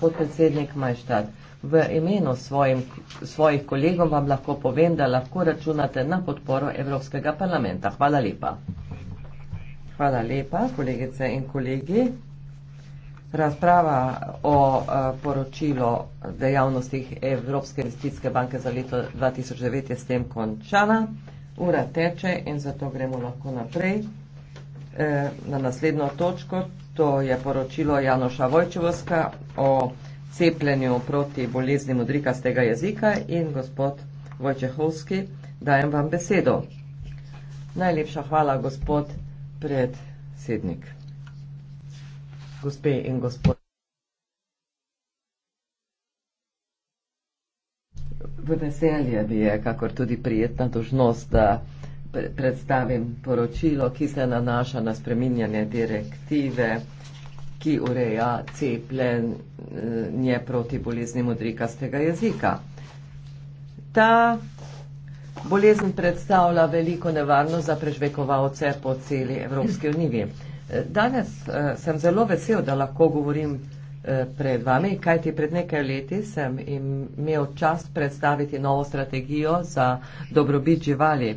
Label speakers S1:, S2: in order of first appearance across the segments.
S1: podpredsednik Majštar. V imenu svojim, svojih kolegov vam lahko povem, da lahko računate na podporo Evropskega parlamenta. Hvala lepa. Hvala lepa, kolegice in kolegi. Razprava o eh, poročilu dejavnostih Evropske investicijske banke za leto 2009 je s tem končana. Ura teče in zato gremo lahko naprej eh, na naslednjo točko, To je poročilo Janoša Vojčevska o cepljenju proti bolezni modrikastega jezika in gospod Vojčehovski, dajem vam besedo. Najlepša hvala, gospod predsednik. Gospe in gospod. V veselje mi je, kakor tudi prijetna dožnost, da predstavim poročilo, ki se nanaša na spreminjanje direktive, ki ureja cepljenje proti bolezni modrikastega jezika. Ta bolezen predstavlja veliko nevarnost za prežvekovalce po celi Evropski uniji. Danes eh, sem zelo vesel, da lahko govorim eh, pred vami, kajti pred nekaj leti sem imel čast predstaviti novo strategijo za dobrobit živali.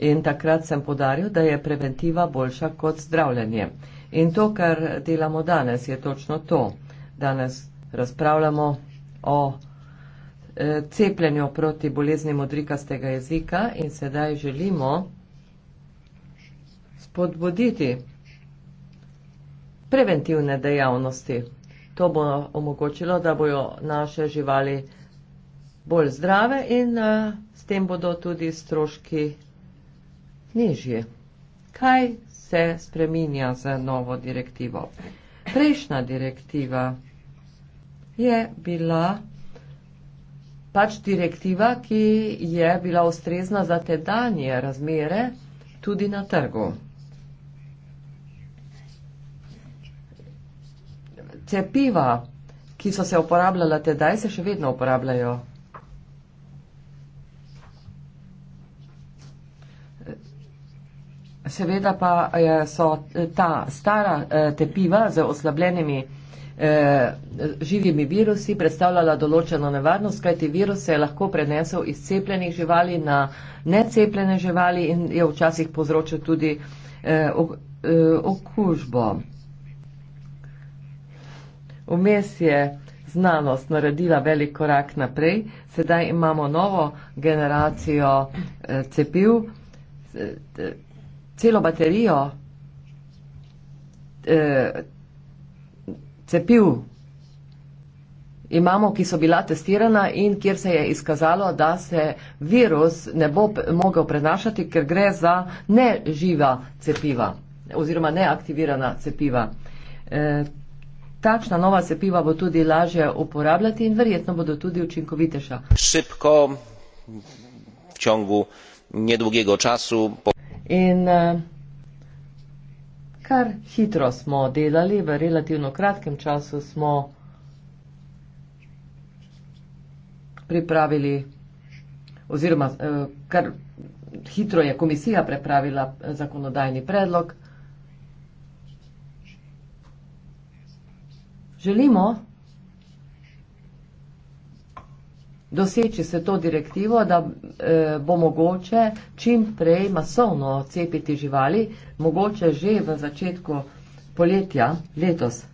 S1: In takrat sem podaril, da je preventiva boljša kot zdravljenje. In to, kar delamo danes, je točno to. Danes razpravljamo o e, cepljenju proti bolezni modrikastega jezika in sedaj želimo spodbuditi preventivne dejavnosti. To bo omogočilo, da bojo naše živali bolj zdrave in a, e, s tem bodo tudi stroški nižje. Kaj se spreminja z novo direktivo? Prejšnja direktiva je bila pač direktiva, ki je bila ustrezna za te danje razmere tudi na trgu. Cepiva, ki so se uporabljala tedaj, se še vedno uporabljajo. seveda pa eh, so eh, ta stara eh, tepiva z oslabljenimi živimi virusi predstavljala določeno nevarnost, kajti virus se je lahko prenesel iz cepljenih živali na necepljene živali in je včasih povzročil tudi okužbo. Vmes je znanost naredila velik korak naprej, sedaj imamo novo generacijo cepiv, celo baterijo eh, cepiv imamo, ki so bila testirana in kjer se je izkazalo, da se virus ne bo mogel prenašati, ker gre za neživa cepiva oziroma neaktivirana cepiva. E, takšna nova cepiva bo tudi lažje uporabljati in verjetno bodo tudi učinkovitejša.
S2: Šipko v čongu nedolgega času. Po...
S1: In eh, kar hitro smo delali, v relativno kratkem času smo pripravili, oziroma eh, kar hitro je komisija pripravila eh, zakonodajni predlog. Želimo, doseči se to direktivo, da eh, bo mogoče čim prej masovno cepiti živali, mogoče že v začetku poletja letos.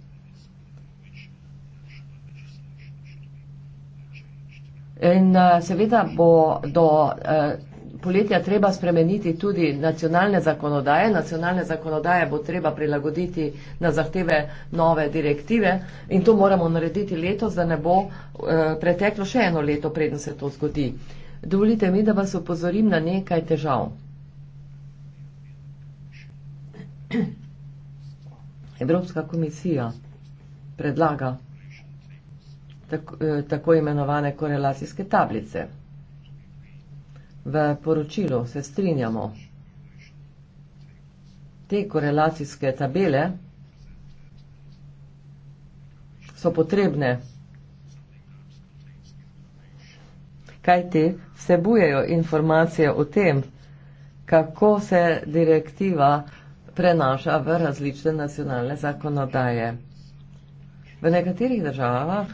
S1: In eh, seveda bo do. Eh, poletja treba spremeniti tudi nacionalne zakonodaje. Nacionalne zakonodaje bo treba prilagoditi na zahteve nove direktive in to moramo narediti letos, da ne bo eh, preteklo še eno leto, preden se to zgodi. Dovolite mi, da vas upozorim na nekaj težav. Evropska komisija predlaga tako, eh, tako imenovane korelacijske tablice v poročilu, se strinjamo. Te korelacijske tabele so potrebne, kaj ti vsebujejo informacije o tem, kako se direktiva prenaša v različne nacionalne zakonodaje. V nekaterih državah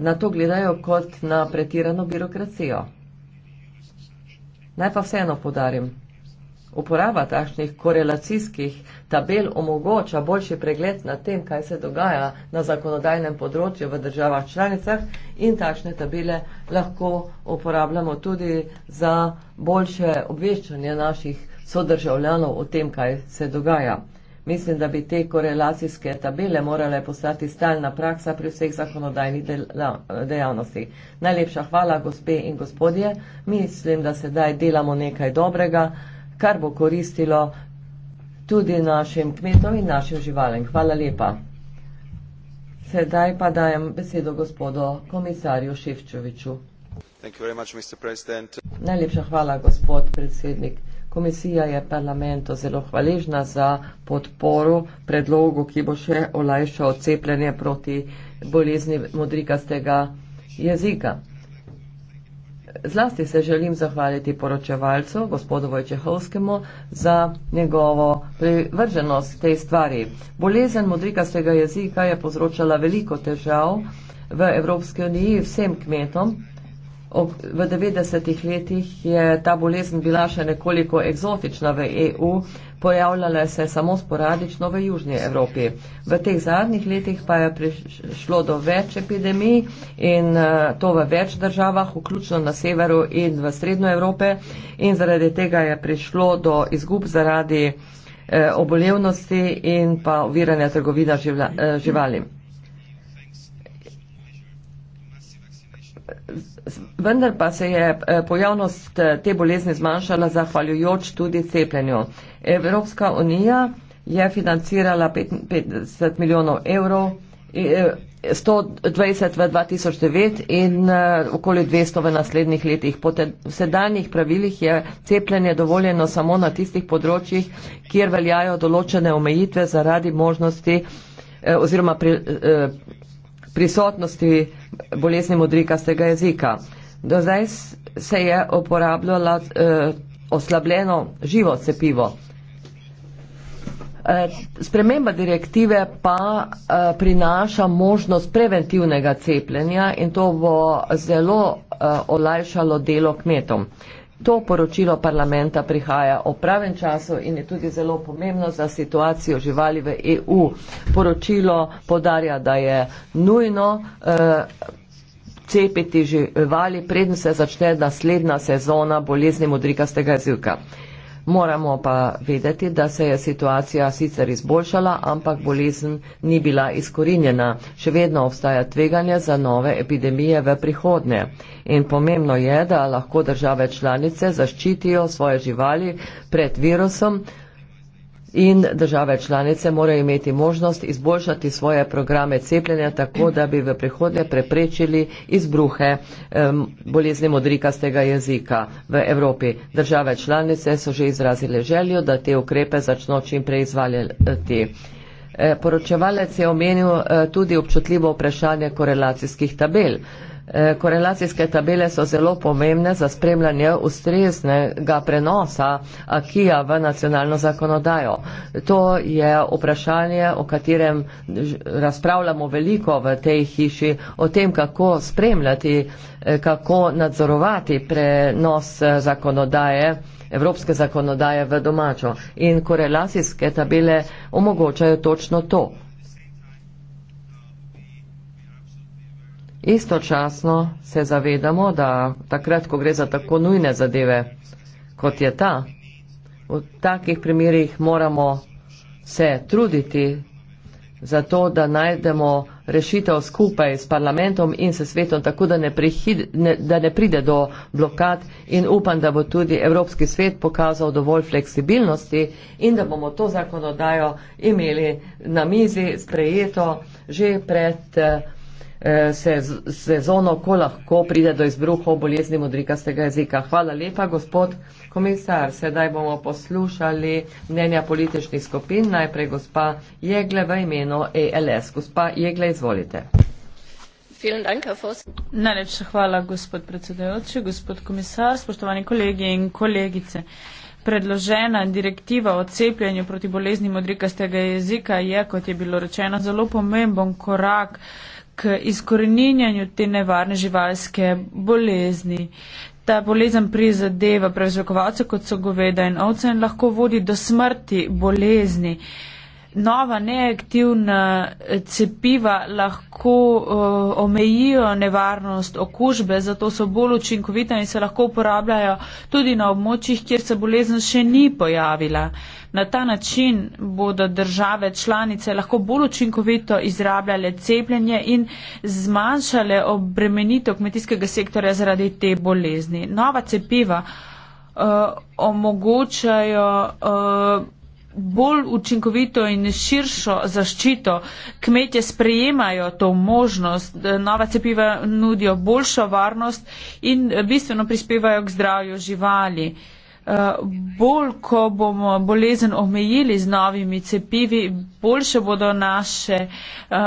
S1: na to gledajo kot na pretirano birokracijo. Naj pa vseeno podarim, uporaba takšnih korelacijskih tabel omogoča boljši pregled na tem, kaj se dogaja na zakonodajnem področju v državah članicah in takšne tabele lahko uporabljamo tudi za boljše obveščanje naših sodržavljanov o tem, kaj se dogaja. Mislim, da bi te korelacijske tabele morale postati stalna praksa pri vseh zakonodajnih dejavnostih. Najlepša hvala, gospe in gospodje. Mislim, da sedaj delamo nekaj dobrega, kar bo koristilo tudi našim kmetom in našim živalem. Hvala lepa. Sedaj pa dajem besedo gospodu komisarju Ševčoviču. Najlepša hvala, gospod predsednik. Komisija je parlamentu zelo hvaležna za podporo predlogu, ki bo še olajšal cepljenje proti bolezni modrikastega jezika. Zlasti se želim zahvaliti poročevalcu, gospodu Vojčehovskemu, za njegovo privrženost tej stvari. Bolezen modrikastega jezika je povzročala veliko težav v Evropski uniji vsem kmetom. Ob, v 90-ih letih je ta bolezen bila še nekoliko eksotična v EU, pojavljala se samo sporadično v Južnji Evropi. V teh zadnjih letih pa je prišlo do več epidemij in uh, to v več državah, vključno na severu in v srednjo Evrope in zaradi tega je prišlo do izgub zaradi uh, obolevnosti in pa uviranja trgovina živla, uh, živali. Vendar pa se je eh, pojavnost eh, te bolezni zmanjšala zahvaljujoč tudi cepljenju. Evropska unija je financirala 50 milijonov evrov, 120 eh, v 2009 in okoli 200 v naslednjih letih. Po sedanjih pravilih je cepljenje dovoljeno samo na tistih področjih, kjer veljajo določene omejitve zaradi možnosti oziroma pri, prisotnosti bolezni modrikastega jezika. Do zdaj se je uporabljalo eh, oslabljeno živo cepivo. Eh, sprememba direktive pa eh, prinaša možnost preventivnega cepljenja in to bo zelo eh, olajšalo delo kmetom to poročilo parlamenta prihaja o pravem času in je tudi zelo pomembno za situacijo živali v EU. Poročilo podarja, da je nujno eh, cepiti živali, predn se začne naslednja sezona bolezni modrikastega jezika. Moramo pa vedeti, da se je situacija sicer izboljšala, ampak bolezen ni bila izkorinjena. Še vedno obstaja tveganje za nove epidemije v prihodnje. In pomembno je, da lahko države članice zaščitijo svoje živali pred virusom, in države članice morajo imeti možnost izboljšati svoje programe cepljenja tako, da bi v prihodnje preprečili izbruhe um, bolezni modrikastega jezika v Evropi. Države članice so že izrazile željo, da te ukrepe začno čim prej izvaljati. E, poročevalec je omenil e, tudi občutljivo vprašanje korelacijskih tabel. Eh, korelacijske tabele so zelo pomembne za spremljanje ustreznega prenosa akija v nacionalno zakonodajo. To je vprašanje, o katerem razpravljamo veliko v tej hiši, o tem, kako spremljati, eh, kako nadzorovati prenos eh, zakonodaje, evropske zakonodaje v domačo. In korelacijske tabele omogočajo točno to. Istočasno se zavedamo, da takrat, ko gre za tako nujne zadeve, kot je ta, v takih primerjih moramo se truditi za to, da najdemo rešitev skupaj s parlamentom in s svetom, tako da ne, prihid, ne, da ne pride do blokad in upam, da bo tudi Evropski svet pokazal dovolj fleksibilnosti in da bomo to zakonodajo imeli na mizi sprejeto že pred. Eh, Eh, se, sezono, ko lahko pride do izbruhov bolezni modrikastega jezika. Hvala lepa, gospod komisar. Sedaj bomo poslušali mnenja političnih skupin. Najprej gospa Jegle v imenu ALS. Gospa Jegle, izvolite.
S3: Najlepša hvala, gospod predsedajoči, gospod komisar, spoštovani kolegi in kolegice. Predložena direktiva o cepljenju proti bolezni modrikastega jezika je, kot je bilo rečeno, zelo pomemben korak k izkoreninjanju te nevarne živalske bolezni. Ta bolezen prizadeva prevzrokovalce, kot so goveda in ovce, in lahko vodi do smrti bolezni. Nova neaktivna cepiva lahko uh, omejijo nevarnost okužbe, zato so bolj učinkovita in se lahko uporabljajo tudi na območjih, kjer se bolezen še ni pojavila. Uh, Na ta način bodo države članice lahko bolj učinkovito izrabljale cepljenje in zmanjšale obremenitev kmetijskega sektorja zaradi te bolezni. Nova cepiva uh, omogočajo. Uh, bolj učinkovito in širšo zaščito. Kmetje sprejemajo to možnost, nova cepiva nudijo boljšo varnost in bistveno prispevajo k zdravju živali. Uh, Eh, bolj ko bomo bolezen omejili z novimi cepivi, boljše bodo naše eh,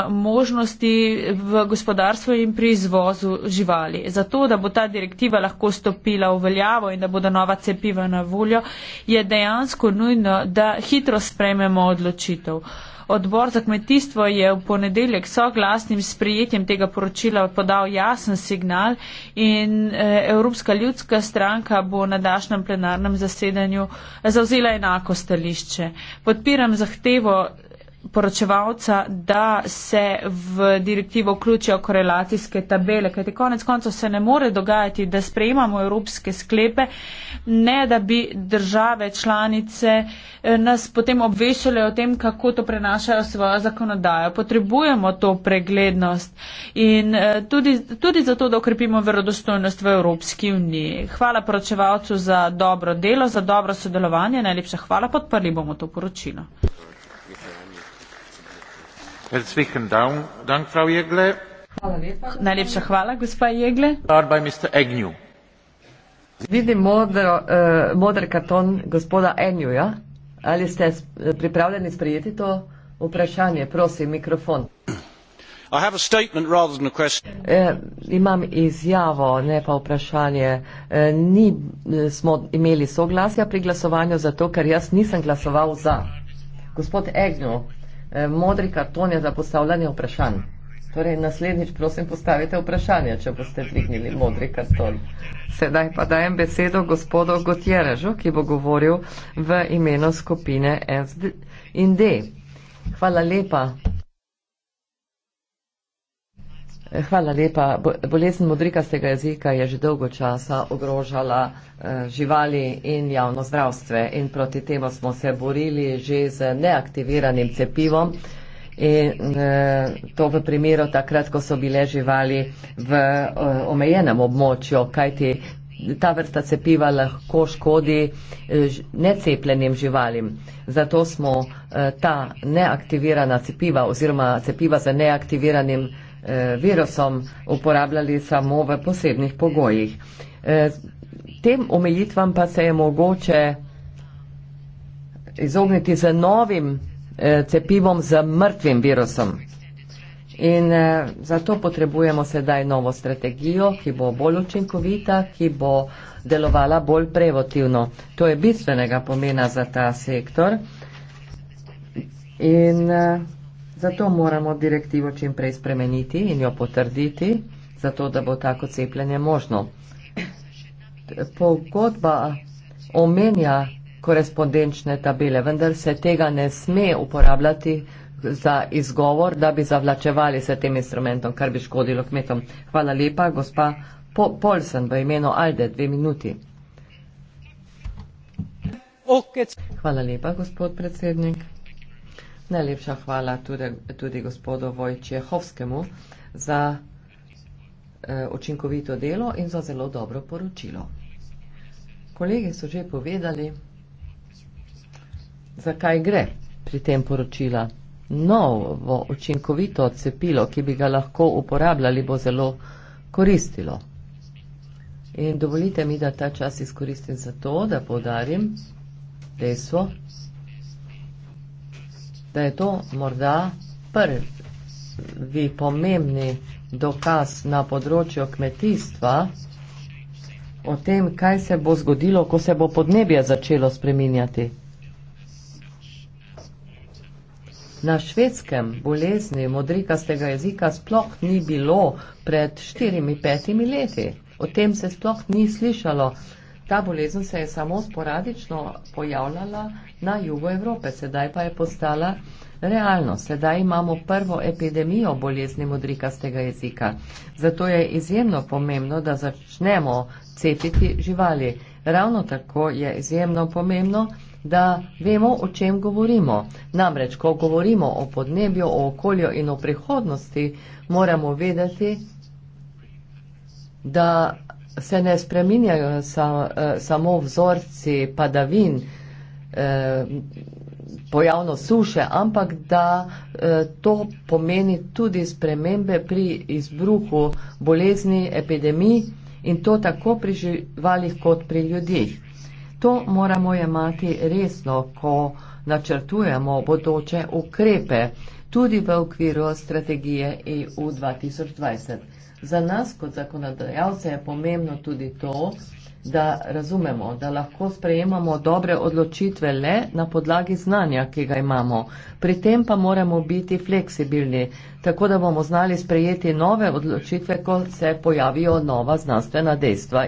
S3: možnosti v gospodarstvu in pri izvozu živali. Zato, da bo ta direktiva lahko stopila v veljavo in da bodo nova cepiva na voljo, je dejansko nujno, da hitro sprejmemo odločitev. Uh, Odbor za kmetijstvo je v ponedeljek soglasnim sprijetjem tega poročila podal jasen signal in eh, Evropska ljudska stranka bo na dašnjem plenarnem zasedanju eh, zauzela enako stališče. Podpiram zahtevo poročevalca, da se v direktivo vključijo korelacijske tabele, kajti konec koncev se ne more dogajati, da sprejemamo evropske sklepe, ne da bi države članice eh, nas potem obvešale o tem, kako to prenašajo svojo zakonodajo. Potrebujemo to preglednost in eh, tudi, tudi zato, da okrepimo verodostojnost v Evropski uniji. Hvala poročevalcu za dobro delo, za dobro sodelovanje, najlepša hvala, podprli bomo to poročilo najlepša hvala gospa jegle
S1: vidim modro eh, moder karton gospoda enjuja ali ste eh, pripravljeni sprejeti to vprašanje prosim mikrofon
S2: I have a statement rather than a question.
S1: E, imam izjavo, ne pa vprašanje. E, ni smo imeli soglasja pri glasovanju zato, ker jaz nisem glasoval za. Gospod Egnu, Eh, modri karton je za postavljanje vprašanj. Torej, naslednjič, prosim, postavite vprašanje, če boste dvignili modri karton. Sedaj pa dajem besedo gospodu Gotjerežu, ki bo govoril v imenu skupine SD in D. Hvala lepa. Hvala lepa. Bolezen modrikastega jezika je že dolgo časa ogrožala eh, živali in javno zdravstvo. In proti temu smo se borili že z neaktiviranim cepivom. In eh, to v primeru takrat, ko so bile živali v eh, omejenem območju, kajti ta vrsta cepiva lahko škodi necepljenim živalim. Zato smo ta neaktivirana cepiva oziroma cepiva za neaktiviranim cepivom Eh, virusom uporabljali samo v posebnih pogojih. Eh, tem omejitvam pa se je mogoče izogniti z novim eh, cepivom z mrtvim virusom. In zato potrebujemo sedaj novo strategijo, ki bo bolj učinkovita, ki bo delovala bolj preventivno. To je bistvenega pomena za ta sektor. In uh, Zato moramo direktivo čim prej spremeniti in jo potrditi, zato da bo tako cepljenje možno. Pogodba omenja korespondenčne tabele, vendar se tega ne sme uporabljati za izgovor, da bi zavlačevali se tem instrumentom, kar bi škodilo kmetom. Hvala lepa, gospa Polsen, v imenu Alde, dve minuti. Hvala lepa, gospod predsednik. Najlepša hvala tudi, tudi gospodu Vojčehovskemu za eh, učinkovito delo in za zelo dobro poročilo. Kolegi so že povedali, zakaj gre pri tem poročila. Novo učinkovito cepilo, ki bi ga lahko uporabljali, bo zelo koristilo. In dovolite mi, da ta čas izkoristim za to, da podarim dejstvo, da je to morda prvi pomembni dokaz na področju kmetijstva o tem, kaj se bo zgodilo, ko se bo podnebje začelo spreminjati. Na švedskem bolezni modrikastega jezika sploh ni bilo pred štirimi, petimi leti. O tem se sploh ni slišalo. Ta bolezen se je samo sporadično pojavljala na jugu Evrope, sedaj pa je postala realno. Sedaj imamo prvo epidemijo bolezni modrikastega jezika. Zato je izjemno pomembno, da začnemo cepiti živali. Ravno tako je izjemno pomembno, da vemo, o čem govorimo. Namreč, ko govorimo o podnebju, o okolju in o prihodnosti, moramo vedeti, da se ne spreminjajo sa, e, samo vzorci padavin, e, pojavno suše, ampak da e, to pomeni tudi spremembe pri izbruhu bolezni, epidemij in to tako pri živalih kot pri ljudih. To moramo jemati resno, ko načrtujemo bodoče ukrepe tudi v okviru strategije EU 2020. Za nas kot zakonodajalce je pomembno tudi to, da razumemo, da lahko sprejemamo dobre odločitve le na podlagi znanja, ki ga imamo. Pri tem pa moramo biti fleksibilni, tako da bomo znali sprejeti nove odločitve, ko se pojavijo nova znanstvena dejstva.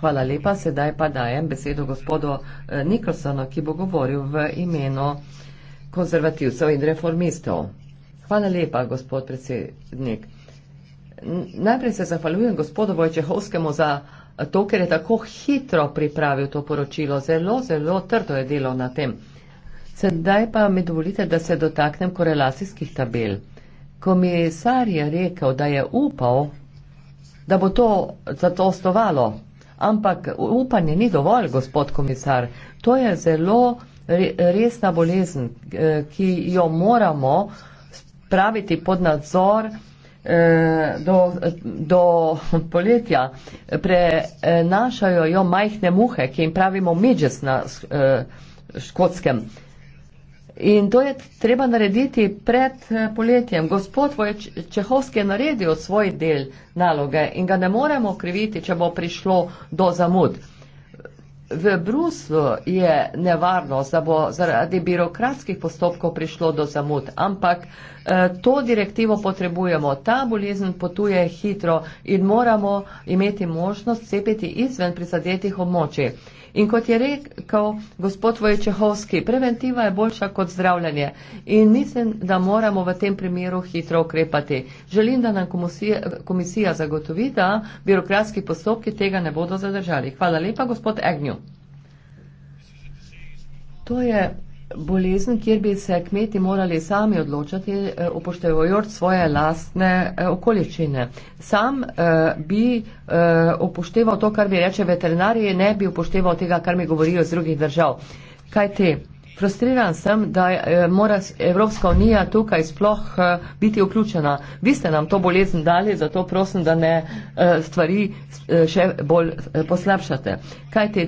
S1: Hvala lepa, sedaj pa dajem besedo gospodu eh, Nikolsonu, ki bo govoril v imenu konzervativcev in reformistov. Hvala lepa, gospod predsednik najprej se zahvaljujem gospodu Vojčehovskemu za to, ker je tako hitro pripravil to poročilo. Zelo, zelo trdo je delo na tem. Sedaj pa mi dovolite, da se dotaknem korelacijskih tabel. Komisar je rekel, da je upal, da bo to zadostovalo, ampak upanje ni dovolj, gospod komisar. To je zelo resna bolezen, eh, ki jo moramo spraviti pod nadzor. Eh, do, do poletja, prenašajo jo majhne muhe, ki jim pravimo midges na eh, škotskem. In to je treba narediti pred eh, poletjem. Gospod Čehovski je naredil svoj del naloge in ga ne moremo kriviti, če bo prišlo do zamud. V Bruslu je nevarnost, da bo zaradi birokratskih postopkov prišlo do zamud, ampak eh, to direktivo potrebujemo. Ta bolezen potuje hitro in moramo imeti možnost cepiti izven prizadetih območij. In kot je rekel gospod Vojčehovski, preventiva je boljša kot zdravljanje in mislim, da moramo v tem primeru hitro ukrepati. Želim, da nam komisija, komisija zagotovi, da birokratski postopki tega ne bodo zadržali. Hvala lepa, gospod Egnju. To je bolezen, kjer bi se kmeti morali sami odločati, eh, upoštevajoč svoje lastne eh, okoličine. Sam eh, bi upošteval to, kar bi reče veterinarije, ne bi upošteval tega, kar mi govorijo iz drugih držav. Kaj te? Frustriran sem, da mora Evropska unija tukaj sploh biti vključena. Vi ste nam to bolezen dali, zato prosim, da ne stvari še bolj poslabšate. Kaj te?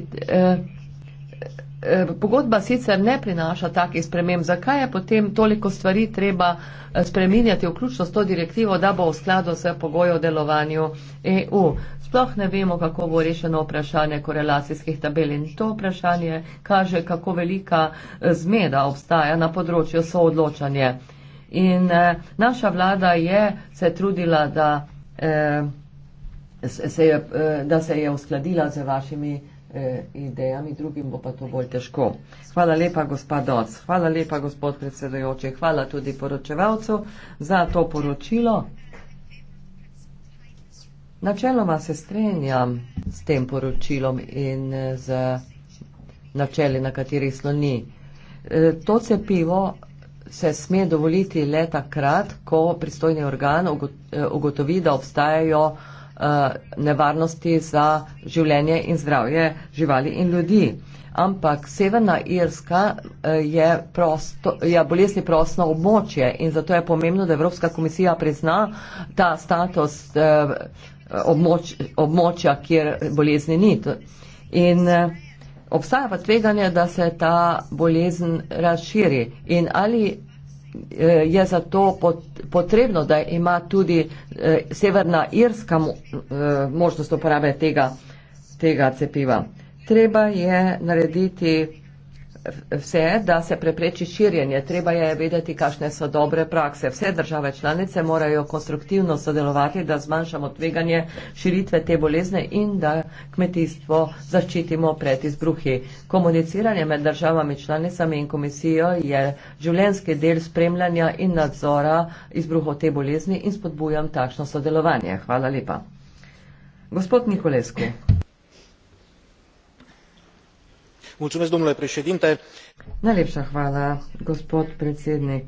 S1: Eh, pogodba sicer ne prinaša takih sprememb, zakaj je potem toliko stvari treba eh, spreminjati, vključno s to direktivo, da bo v skladu s pogojo delovanju EU. Sploh ne vemo, kako bo rešeno vprašanje korelacijskih tabel in to vprašanje kaže, kako velika eh, zmeda obstaja na področju soodločanja. In eh, naša vlada je se trudila, da, eh, se je, da se je uskladila z vašimi. Eh, idejami, drugim bo pa to bolj težko. Hvala lepa, gospod Doc, hvala lepa, gospod predsedojoči, hvala tudi poročevalcu za to poročilo. Načeloma se strenjam s tem poročilom in eh, z načeli, na katerih sloni. Eh, to cepivo se sme dovoliti le takrat, ko pristojni organ ugotovi, da obstajajo Eh, nevarnosti za življenje in zdravje živali in ljudi. Ampak Severna Irska eh, je, prosto, je bolesni prostno območje in zato je pomembno, da Evropska komisija prizna ta status eh, območ, območja, kjer bolezni ni. In obstaja pa tveganje, da se ta bolezen razširi. In ali Eh, je zato potrebno, da ima tudi eh, Severna Irska eh, možnost uporabe tega, tega cepiva. Treba je narediti vse, da se prepreči širjenje. Treba je vedeti, kakšne so dobre prakse. Vse države članice morajo konstruktivno sodelovati, da zmanjšamo tveganje širitve te bolezne in da kmetijstvo zaščitimo pred izbruhi. Komuniciranje med državami članicami in komisijo je življenski del spremljanja in nadzora izbruhov te bolezni in spodbujam takšno sodelovanje. Hvala lepa. Gospod Nikolesku. Najlepša hvala, gospod predsednik.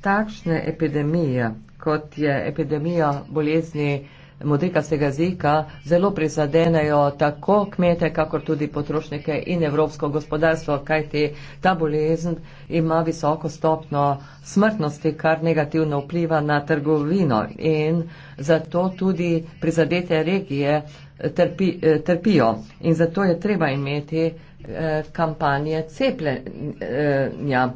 S1: Takšne epidemije, kot je epidemija bolezni modrikastega zika, zelo prizadenejo tako kmete, kakor tudi potrošnike in evropsko gospodarstvo, kajti ta bolezen ima visoko stopno smrtnosti, kar negativno vpliva na trgovino in zato tudi prizadete regije trpi, eh, trpijo. In zato je treba imeti eh, kampanje cepljenja.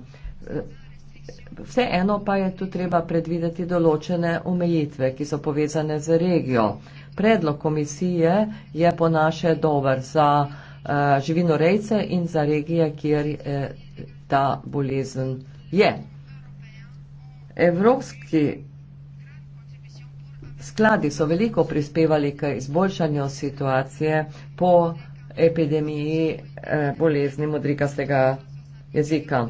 S1: Vseeno pa je tu treba predvideti določene omejitve, ki so povezane z regijo. Predlog komisije je po naše dober za eh, živinorejce in za regije, kjer eh, ta bolezen je. Evropski skladi so veliko prispevali k izboljšanju situacije po epidemiji eh, bolezni modrikastega jezika.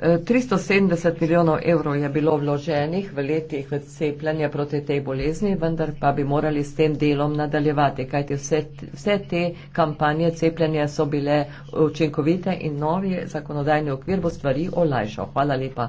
S1: 370 eh, milijonov evrov je bilo vloženih v letih cepljanja proti tej bolezni, vendar pa bi morali s tem delom nadaljevati, kajti vse, vse te kampanje cepljanja so bile učinkovite in novi zakonodajni okvir bo stvari olajšal. Hvala lepa.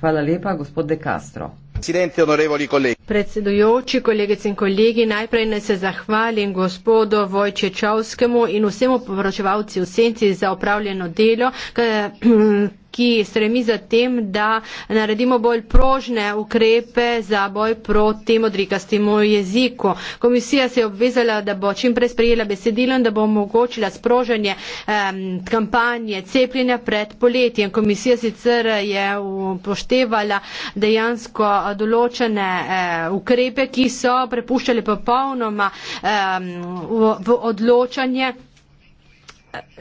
S1: Hvala lepa, gospod
S2: De Castro. Presidente, onorevoli kolegi predsedujoči, kolegice in kolegi, najprej naj se zahvalim gospodu Vojčečovskemu in vsemu poročevalci v senci za opravljeno delo, ki stremi za tem, da naredimo bolj prožne ukrepe za boj proti modrikastimu jeziku. Komisija se je obvezala, da bo čim prej sprejela besedilo in da bo omogočila sprožanje um, kampanje cepljenja pred poletjem. Komisija sicer je upoštevala dejansko določene um, ukrepe, ki so prepuščali popolnoma um, v, v odločanje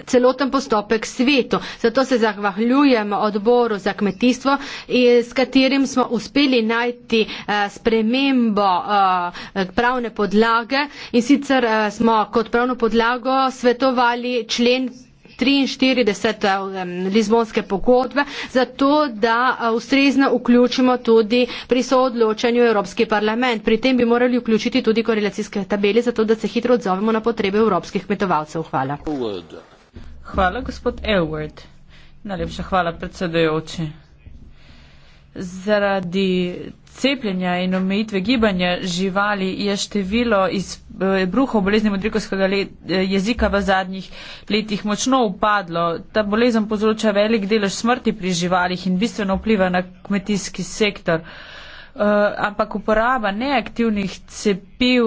S2: celoten postopek svetu. Zato se zahvaljujem odboru za kmetijstvo, eh, s katerim smo uspeli najti eh, spremembo eh, pravne podlage in sicer smo kot pravno podlago svetovali člen 43 eh, um, Lizbonske pogodbe, zato da eh, ustrezno vključimo tudi pri soodločanju Evropski parlament. Pri tem bi morali vključiti tudi korelacijske tabele, zato da se hitro odzovemo na potrebe evropskih kmetovalcev. Hvala.
S3: Hvala, gospod Elward. Najlepša hvala, predsedujoči. Zaradi cepljenja in omejitve gibanja živali je število izbruhov eh, bolezni modrikovskega eh, jezika v zadnjih letih močno upadlo. Ta bolezen povzroča velik delež smrti pri živalih in bistveno vpliva na kmetijski sektor. Eh, ampak uporaba neaktivnih cepiv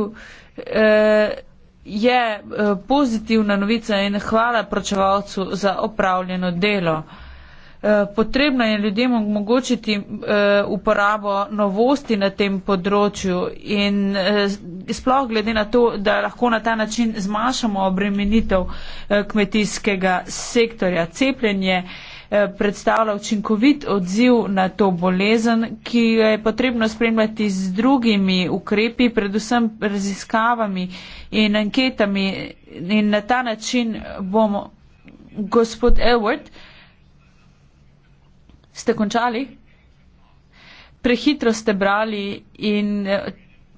S3: je pozitivna novica in hvala pročevalcu za opravljeno delo. Eh, potrebno je ljudem omogočiti eh, uporabo novosti na tem področju in eh, sploh glede na to, da lahko na ta način zmašamo obremenitev kmetijskega sektorja. Cepljenje predstavlja učinkovit odziv na to bolezen, ki jo je potrebno spremljati z drugimi ukrepi, predvsem raziskavami in anketami in na ta način bomo. Gospod Elward, uh, ste končali? Prehitro ste brali in eh,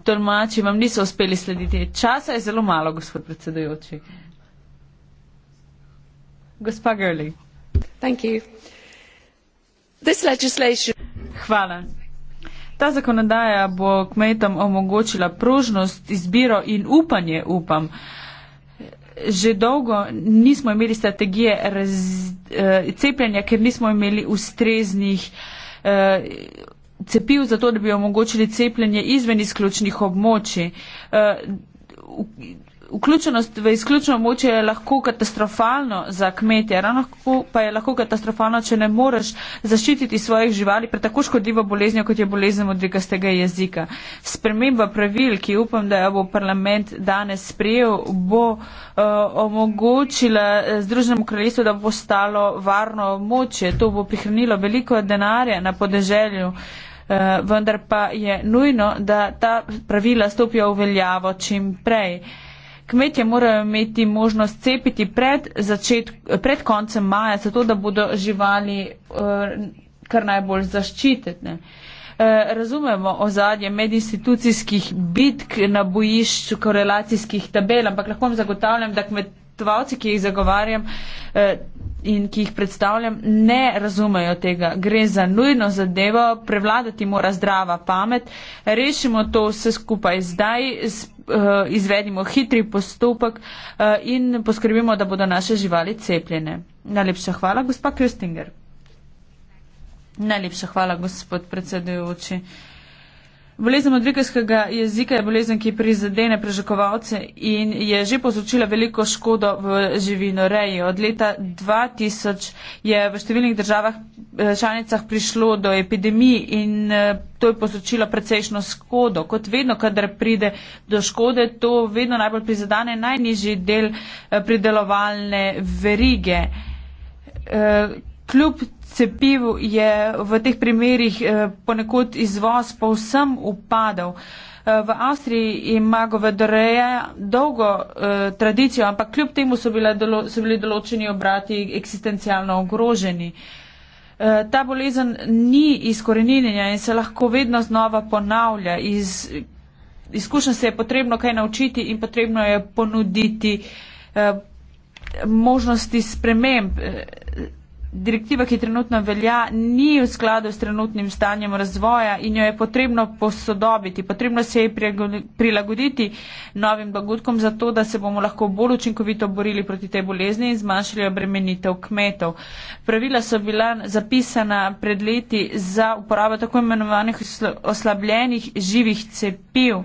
S3: tolmači vam niso uspeli slediti. Časa je zelo malo, gospod predsedujoči. Gospa Gurley. Hvala. Ta zakonodaja bo kmetom omogočila prožnost, izbiro in upanje, upam. Uh, že dolgo nismo imeli strategije raz, uh, cepljenja, ker nismo imeli ustreznih uh, cepiv za to, da bi omogočili cepljenje izven izključnih območij. Uh, vključenost v izključno moče je lahko katastrofalno za kmetje, ravno pa je lahko katastrofalno, če ne moreš zaščititi svojih živali pred tako škodljivo boleznjo, kot je bolezen modrikastega jezika. Sprememba pravil, ki upam, da jo bo parlament danes sprejel, bo uh, omogočila eh, Združenemu kraljestvu, da bo postalo varno moče. To bo prihranilo veliko denarja na podeželju. Uh, vendar pa je nujno, da ta pravila stopijo v veljavo čim prej. Uh, Kmetje morajo imeti možnost cepiti pred, začet, pred koncem maja, zato da bodo živali eh, kar najbolj zaščitene. Eh, razumemo ozadje medinstitucijskih bitk na bojišču korelacijskih tabel, ampak lahko vam zagotavljam, da kmetovalci, ki jih zagovarjam, eh, in ki jih predstavljam, ne razumejo tega. Gre za nujno zadevo, prevladati mora zdrava pamet. Rešimo to vse skupaj zdaj, eh, izvedimo hitri postopek eh, in poskrbimo, da bodo naše živali cepljene. Najlepša hvala, gospa Kristinger. Najlepša hvala, gospod predsedujoči. Bolezen modrikarskega jezika je bolezen, ki prizadene prežakovalce in je že povzročila veliko škodo v živinoreji. Od leta 2000 je v številnih državah eh, članicah prišlo do epidemij in eh, to je povzročilo precejšno škodo. Kot vedno, kadar pride do škode, to vedno najbolj prizadane najnižji del eh, pridelovalne verige. Kljub cepiv je v teh primerjih eh, ponekod izvoz povsem upadal. Eh, v Avstriji ima govedoreja dolgo eh, tradicijo, ampak kljub temu so, dolo, so bili določeni obrati eksistencialno ogroženi. Eh, ta bolezen ni izkoreninjenja in se lahko vedno znova ponavlja. Iz izkušnja se je potrebno kaj naučiti in potrebno je ponuditi eh, možnosti sprememb. Eh, direktiva, ki trenutno velja, ni v skladu s trenutnim stanjem razvoja in jo je potrebno posodobiti. Potrebno se je prilagoditi novim dogodkom za to, da se bomo lahko bolj učinkovito borili proti tej bolezni in zmanjšali obremenitev kmetov. Pravila so bila zapisana pred leti za uporabo tako imenovanih oslabljenih živih cepiv.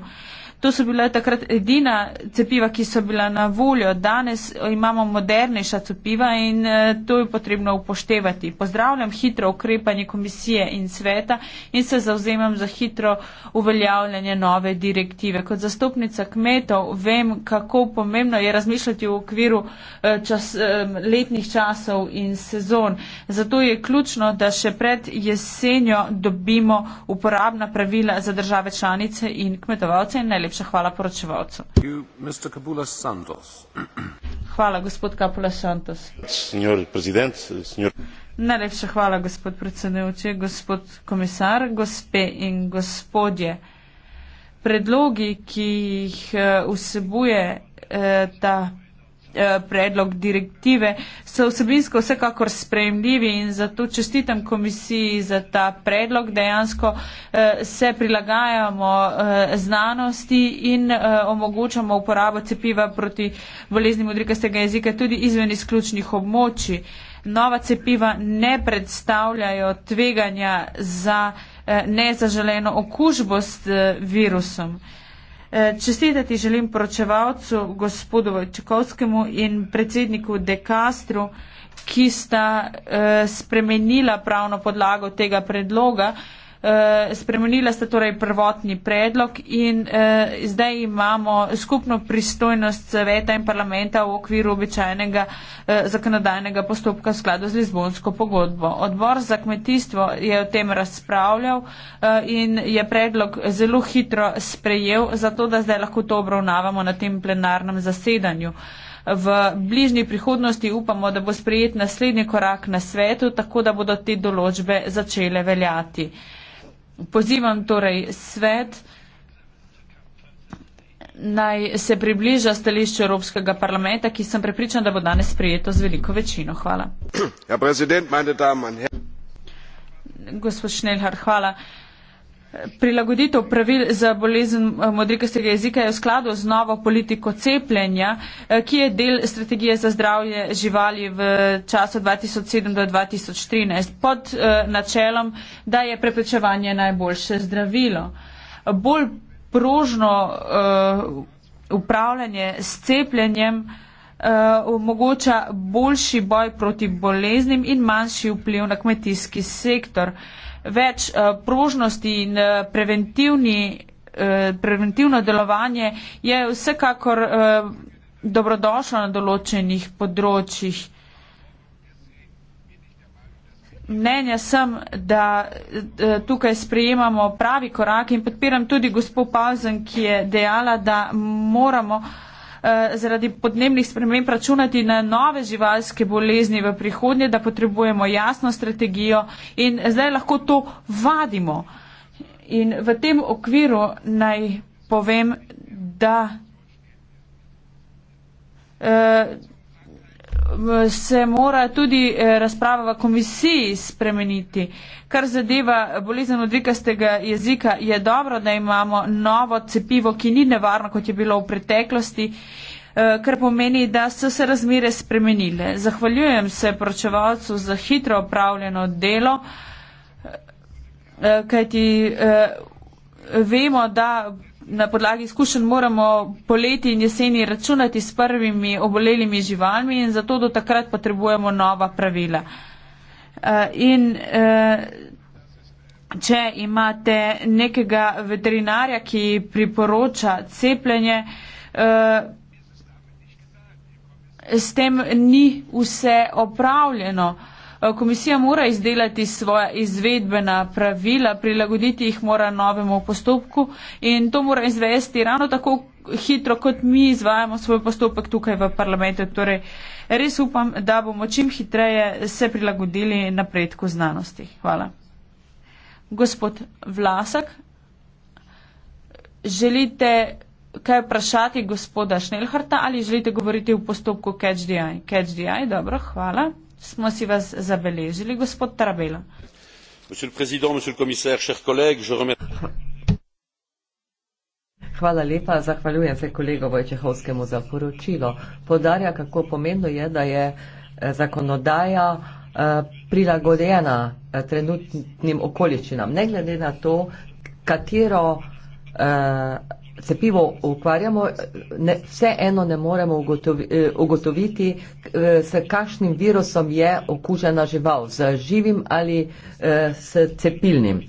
S3: To so bila takrat edina cepiva, ki so bila na voljo. Danes imamo modernejša cepiva in eh, to je potrebno upoštevati. Pozdravljam hitro ukrepanje komisije in sveta in se zauzemam za hitro uveljavljanje nove direktive. Kot zastopnica kmetov vem, kako pomembno je razmišljati v okviru eh, čas, eh, letnih časov in sezon. Zato je ključno, da še pred jesenjo dobimo uporabna pravila za države članice in kmetovalce in najlepše najlepša hvala poročevalcu. Hvala, gospod Kapula Santos. Najlepša hvala, gospod predsedujoči, gospod komisar, gospe in gospodje. Predlogi, ki jih eh, vsebuje eh, ta Eh, predlog direktive, so vsebinsko vsekakor sprejemljivi in zato čestitam komisiji za ta predlog. Dejansko eh, se prilagajamo eh, znanosti in omogočamo uporabo cepiva proti bolezni modrikastega jezika tudi izven izključnih območij. Nova cepiva ne predstavljajo tveganja za nezaželeno okužbo s virusom. Eh, Čestite ti želim poročevalcu, gospodu Vojčekovskemu in predsedniku Dekastru, ki sta eh, spremenila pravno podlago tega predloga, Eh, spremenila ste torej prvotni predlog in eh, zdaj imamo skupno pristojnost sveta in parlamenta v okviru običajnega eh, zakonodajnega postopka skladu z Lizbonsko pogodbo. Odbor za kmetijstvo je o tem razpravljal eh, in je predlog zelo hitro sprejel, zato da zdaj lahko to obravnavamo na tem plenarnem zasedanju. V bližnji prihodnosti upamo, da bo sprejet naslednji korak na svetu, tako da bodo te določbe začele veljati. Pozivam torej svet naj se približa stališču Evropskega parlamenta, ki sem prepričan, da bo danes sprejeto z veliko večino. Hvala. Ja, Gospod Šnelhar, hvala. Prilagoditev pravil za bolezen eh, modrikastega jezika je v skladu z novo politiko cepljenja, eh, ki je del strategije za zdravje živali v času 2007 do 2013 pod eh, načelom, da je preprečevanje najboljše zdravilo. Bolj prožno uh, upravljanje s cepljenjem omogoča uh, boljši boj proti boleznim in manjši vpliv na kmetijski sektor. Uh, več eh, prožnosti in eh, preventivni, eh, preventivno delovanje je vsekakor dobrodošlo na določenih področjih. Mnenja sem, da tukaj sprejemamo pravi korak in podpiram tudi gospod Pavzen, ki je dejala, da moramo Eh, zaradi podnebnih sprememb računati na nove živalske bolezni v prihodnje, da potrebujemo jasno strategijo in zdaj lahko to vadimo. In v tem okviru naj povem, da. Uh, se mora tudi eh, razprava v komisiji spremeniti. Kar zadeva bolezen odvikastega jezika, je dobro, da imamo novo cepivo, ki ni nevarno, kot je bilo v preteklosti, eh, kar pomeni, da so se razmire spremenile. Zahvaljujem se pročevalcu za hitro opravljeno delo, eh, kajti vemo, da na podlagi izkušenj moramo poleti in jeseni računati s prvimi obolelimi živalmi in zato do takrat potrebujemo nova pravila. Eh, in eh, če imate nekega veterinarja, ki priporoča cepljenje, eh, s tem ni vse opravljeno. Eh, komisija mora izdelati svoja izvedbena pravila, prilagoditi jih mora novemu postopku in to mora izvesti ravno tako hitro, kot mi izvajamo svoj postopek tukaj v parlamentu. Torej, res upam, da bomo čim hitreje se prilagodili napredku znanosti. Hvala. Gospod Vlasak, želite kaj vprašati gospoda Šnelharta ali želite govoriti v postopku CatchDI? CatchDI, dobro, hvala smo si vas zabeležili, gospod Trabela. Hvala lepa, zahvaljujem se kolego Vojčehovskemu
S1: za poročilo. Podarja, kako pomembno je, da je eh, zakonodaja eh, prilagodena eh, trenutnim okoliščinam. Ne glede na to, katero cepivo ukvarjamo, ne, vseeno ne moremo ugotovi, eh, ugotoviti, eh, s kakšnim virusom je okužena žival, z živim ali eh, s cepilnim.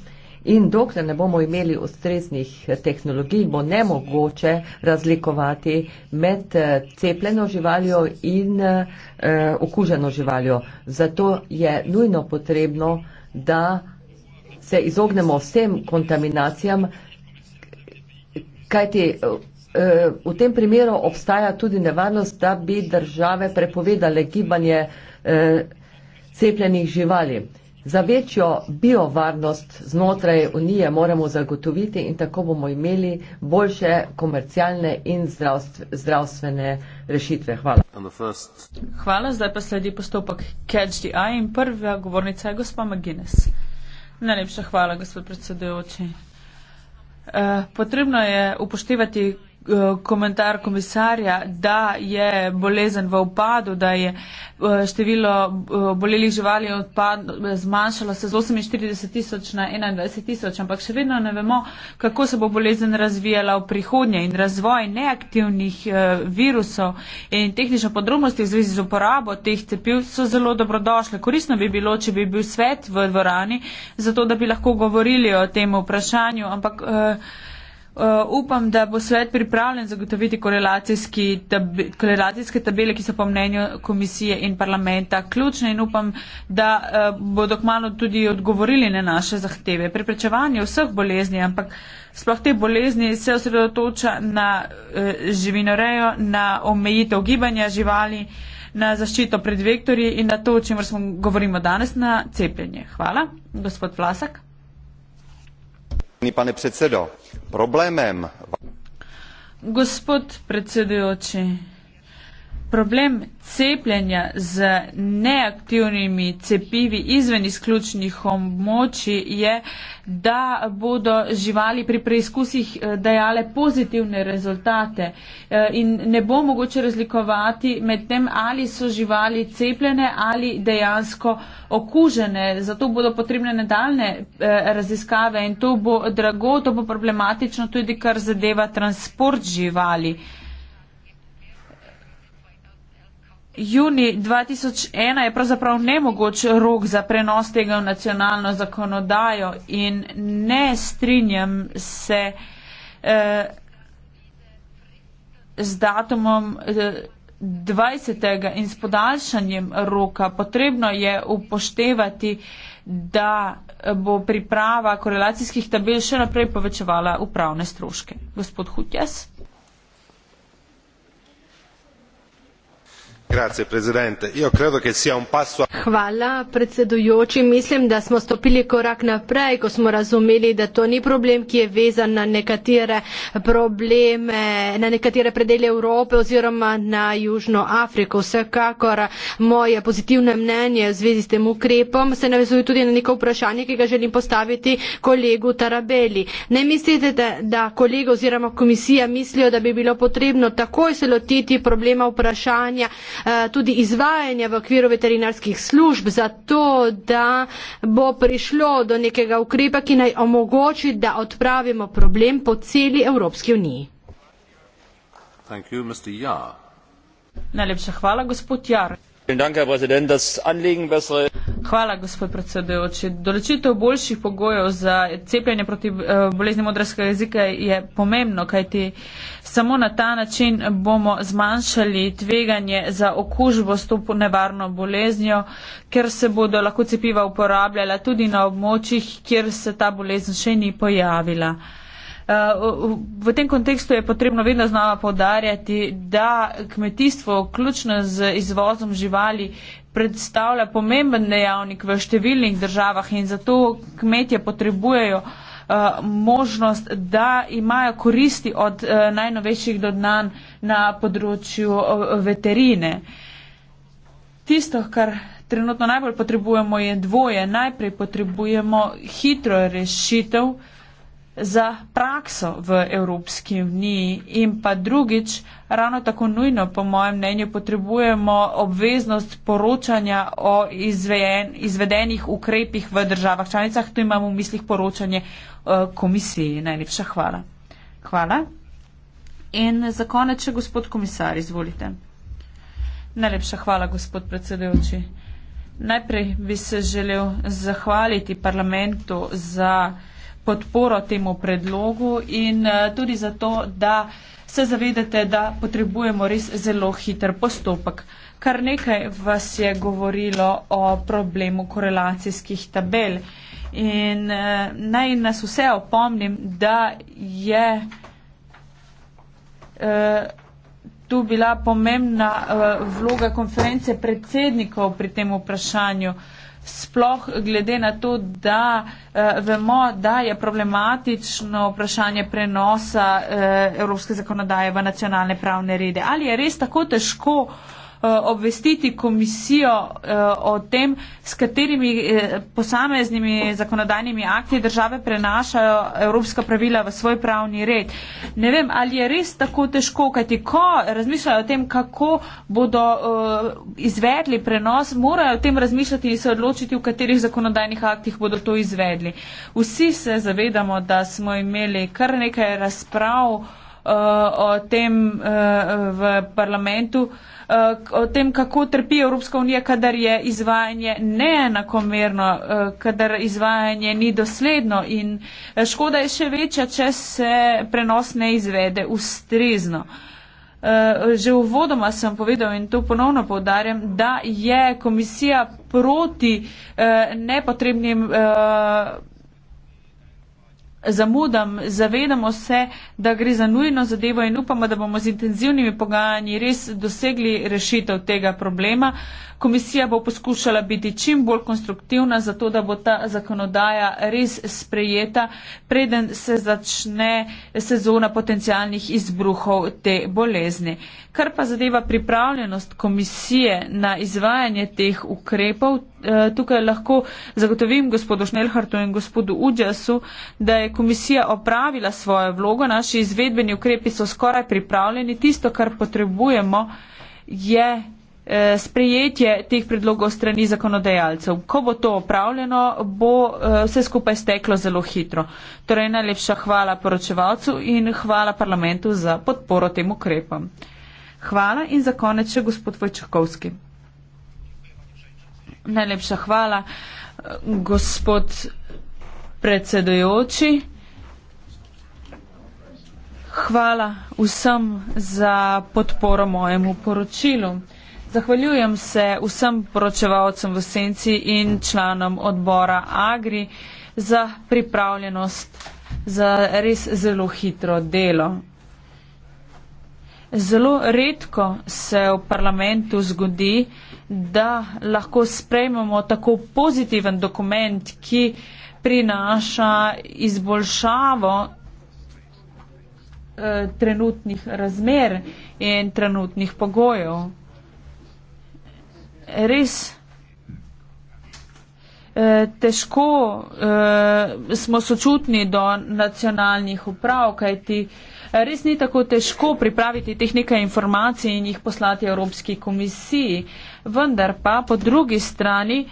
S1: In dokler ne bomo imeli ustreznih tehnologij, bo nemogoče razlikovati med eh, cepljeno živaljo in eh, okuženo živaljo. Zato je nujno potrebno, da se izognemo vsem kontaminacijam, Kajti eh, v tem primeru obstaja tudi nevarnost, da bi države prepovedale gibanje eh, cepljenih živali. Za večjo biovarnost znotraj unije moramo zagotoviti in tako bomo imeli boljše komercialne in zdravstvene rešitve. Hvala.
S3: First... Hvala, zdaj pa sledi postopek Catch the Eye in prva govornica je gospa McGuinness. Najlepša hvala, gospod predsedujoči. Eh, potrebno je upoštevati komentar komisarja, da je bolezen v upadu, da je eh, število eh, bolelih živali odpadlo, zmanjšalo se z 48 tisoč na 21 tisoč, ampak še vedno ne vemo, kako se bo bolezen razvijala v prihodnje in razvoj neaktivnih eh, virusov in tehnične podrobnosti v zvezi z uporabo teh cepiv so zelo dobrodošle. Korisno bi bilo, če bi bil svet v dvorani, zato da bi lahko govorili o tem vprašanju, ampak uh, Uh, upam, da bo svet pripravljen zagotoviti korelacijske tabele, ki so po mnenju komisije in parlamenta ključne in upam, da uh, bodo kmalo tudi odgovorili na naše zahteve. Preprečevanje vseh bolezni, ampak sploh te bolezni se osredotoča na uh, živinorejo, na omejitev gibanja živali, na zaščito pred vektorji in na to, o čemer smo govorimo danes, na cepljenje. Hvala, gospod Vlasak pane předsedo problémem problem cepljenja z neaktivnimi cepivi izven izključnih območij je, da bodo živali pri preizkusih eh, dajale pozitivne rezultate eh, in ne bo mogoče razlikovati med tem, ali so živali cepljene ali dejansko okužene. Zato bodo potrebne nadaljne eh, raziskave in to bo drago, to bo problematično tudi, kar zadeva transport živali. juni 2001 je pravzaprav nemogoč rok za prenos tega v nacionalno zakonodajo in ne strinjam se eh, z datumom eh, 20. in s podaljšanjem roka. Potrebno je upoštevati, da bo priprava korelacijskih tabel še naprej povečevala upravne stroške. Gospod Hutjes.
S2: hvala predsedujoči mislim da smo stopili korak naprej ko smo razumeli da to ni problem ki je vezan na nekatere probleme na nekatere predele evrope oziroma na južno afriko vsekakor moje pozitivno mnenje v zvezi s tem ukrepom se navezuje tudi na neko vprašanje ki ga želim postaviti kolegu tarabeli ne mislite da, da kolega oziroma komisija mislijo da bi bilo potrebno takoj se lotiti problema vprašanja Eh, tudi izvajanja v okviru veterinarskih služb za to, da bo prišlo do nekega ukrepa, ki naj omogoči, da odpravimo problem po celi Evropski uniji.
S3: Najlepša hvala, gospod Jar.
S2: Hvala,
S3: gospod predsedujoči. Določitev boljših pogojev za cepljenje proti eh, bolezni modrskega jezika je pomembno, kajti samo na ta način bomo zmanjšali tveganje za okužbo s to nevarno boleznjo, ker se bodo lahko cepiva uporabljala tudi na območjih, kjer se ta bolezen še ni pojavila. Eh, v tem kontekstu je potrebno vedno znova podarjati, da kmetijstvo, ključno z izvozom živali, predstavlja pomemben dejavnik v številnih državah in zato kmetje potrebujejo eh, možnost, da imajo koristi od eh, najnovejših dodnan na področju veterine. Tisto, kar trenutno najbolj potrebujemo, je dvoje. Najprej potrebujemo hitro rešitev, za prakso v Evropski uniji in pa drugič, ravno tako nujno, po mojem mnenju, potrebujemo obveznost poročanja o izveden, izvedenih ukrepih v državah članicah. Tu imamo v mislih poročanje eh, komisiji. Najlepša hvala. Hvala. In za konec, če gospod komisar, izvolite. Najlepša hvala, gospod predsedujoči. Najprej bi se želel zahvaliti parlamentu za podporo temu predlogu in eh, tudi zato, da se zavedate, da potrebujemo res zelo hiter postopek. Kar nekaj vas je govorilo o problemu korelacijskih tabel in eh, naj nas vse opomnim, da je eh, tu bila pomembna vloga konference predsednikov pri tem vprašanju sploh glede na to, da eh, vemo, da je problematično vprašanje prenosa eh, evropske zakonodaje v nacionalne pravne rede. Ali je res tako težko eh, Eh, obvestiti komisijo eh, o tem, s katerimi eh, posameznimi zakonodajnimi akti države prenašajo evropska pravila v svoj pravni red. Ne vem, ali je res tako težko, kajti ko razmišljajo o tem, kako bodo izvedli prenos, morajo o tem razmišljati in se odločiti, v katerih zakonodajnih aktih bodo to izvedli. Vsi se zavedamo, da smo imeli kar nekaj razprav, Eh, o tem eh, v parlamentu, eh, o tem, kako trpi Evropska unija, kadar je izvajanje neenakomerno, kadar izvajanje ni dosledno in škoda je še večja, če se prenos ne izvede ustrezno. Že v vodoma sem povedal in to ponovno povdarjam, da je komisija proti nepotrebnim zamudam, zavedamo se, da gre za nujno zadevo in upamo, da bomo z intenzivnimi pogajanji res dosegli rešitev tega problema. Komisija bo poskušala biti čim bolj konstruktivna, zato da bo ta zakonodaja res sprejeta, preden se začne sezona potencijalnih izbruhov te bolezni. Kar pa zadeva pripravljenost komisije na izvajanje teh ukrepov, Eh, tukaj lahko zagotovim gospodu Šnelhartu in gospodu Udžasu, da je komisija opravila svojo vlogo, naši izvedbeni ukrepi so skoraj pripravljeni. Tisto, kar potrebujemo, je eh, sprejetje teh predlogov strani zakonodajalcev. Ko bo to opravljeno, bo eh, vse skupaj steklo zelo hitro. Torej najlepša hvala poročevalcu in hvala parlamentu za podporo tem ukrepom. Hvala in za konec še gospod Vojčakovski. Najlepša hvala. Gospod predsedujoči, hvala vsem za podporo mojemu poročilu. Zahvaljujem se vsem poročevalcem v Senci in članom odbora Agri za pripravljenost za res zelo hitro delo. Zelo redko se v parlamentu zgodi, da da lahko sprejmemo tako pozitiven dokument, ki prinaša izboljšavo eh, trenutnih razmer in trenutnih pogojev. Res eh, težko eh, smo sočutni do nacionalnih uprav, kajti res ni tako težko pripraviti teh nekaj informacij in jih poslati Evropski komisiji. Eh, vendar pa po drugi strani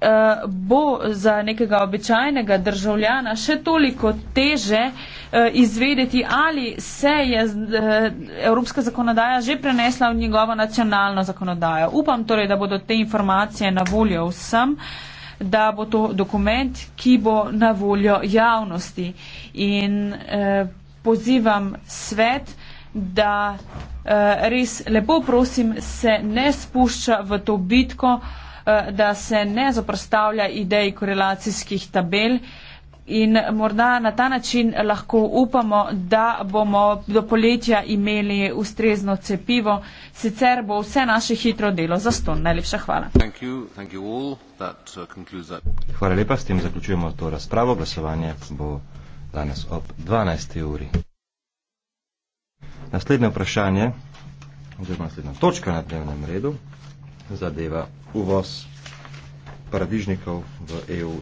S3: eh, bo za nekega običajnega državljana še toliko teže eh, izvedeti, ali se je eh, evropska zakonodaja že prenesla v njegovo nacionalno zakonodajo. Upam torej, da bodo te informacije na voljo vsem, da bo to dokument, ki bo na voljo javnosti. In eh, pozivam svet, da Eh, res lepo prosim, se ne spušča v to bitko, eh, da se ne zaprostavlja idej korelacijskih tabel in morda na ta način lahko upamo, da bomo do poletja imeli ustrezno cepivo, sicer bo vse naše hitro delo za ston. Najlepša hvala.
S2: Thank you. Thank you that, uh, that. Hvala lepa, s tem zaključujemo to razpravo. Glasovanje bo danes ob 12. uri. Naslednje vprašanje, oziroma naslednja točka na dnevnem redu, zadeva uvoz paradižnikov v EU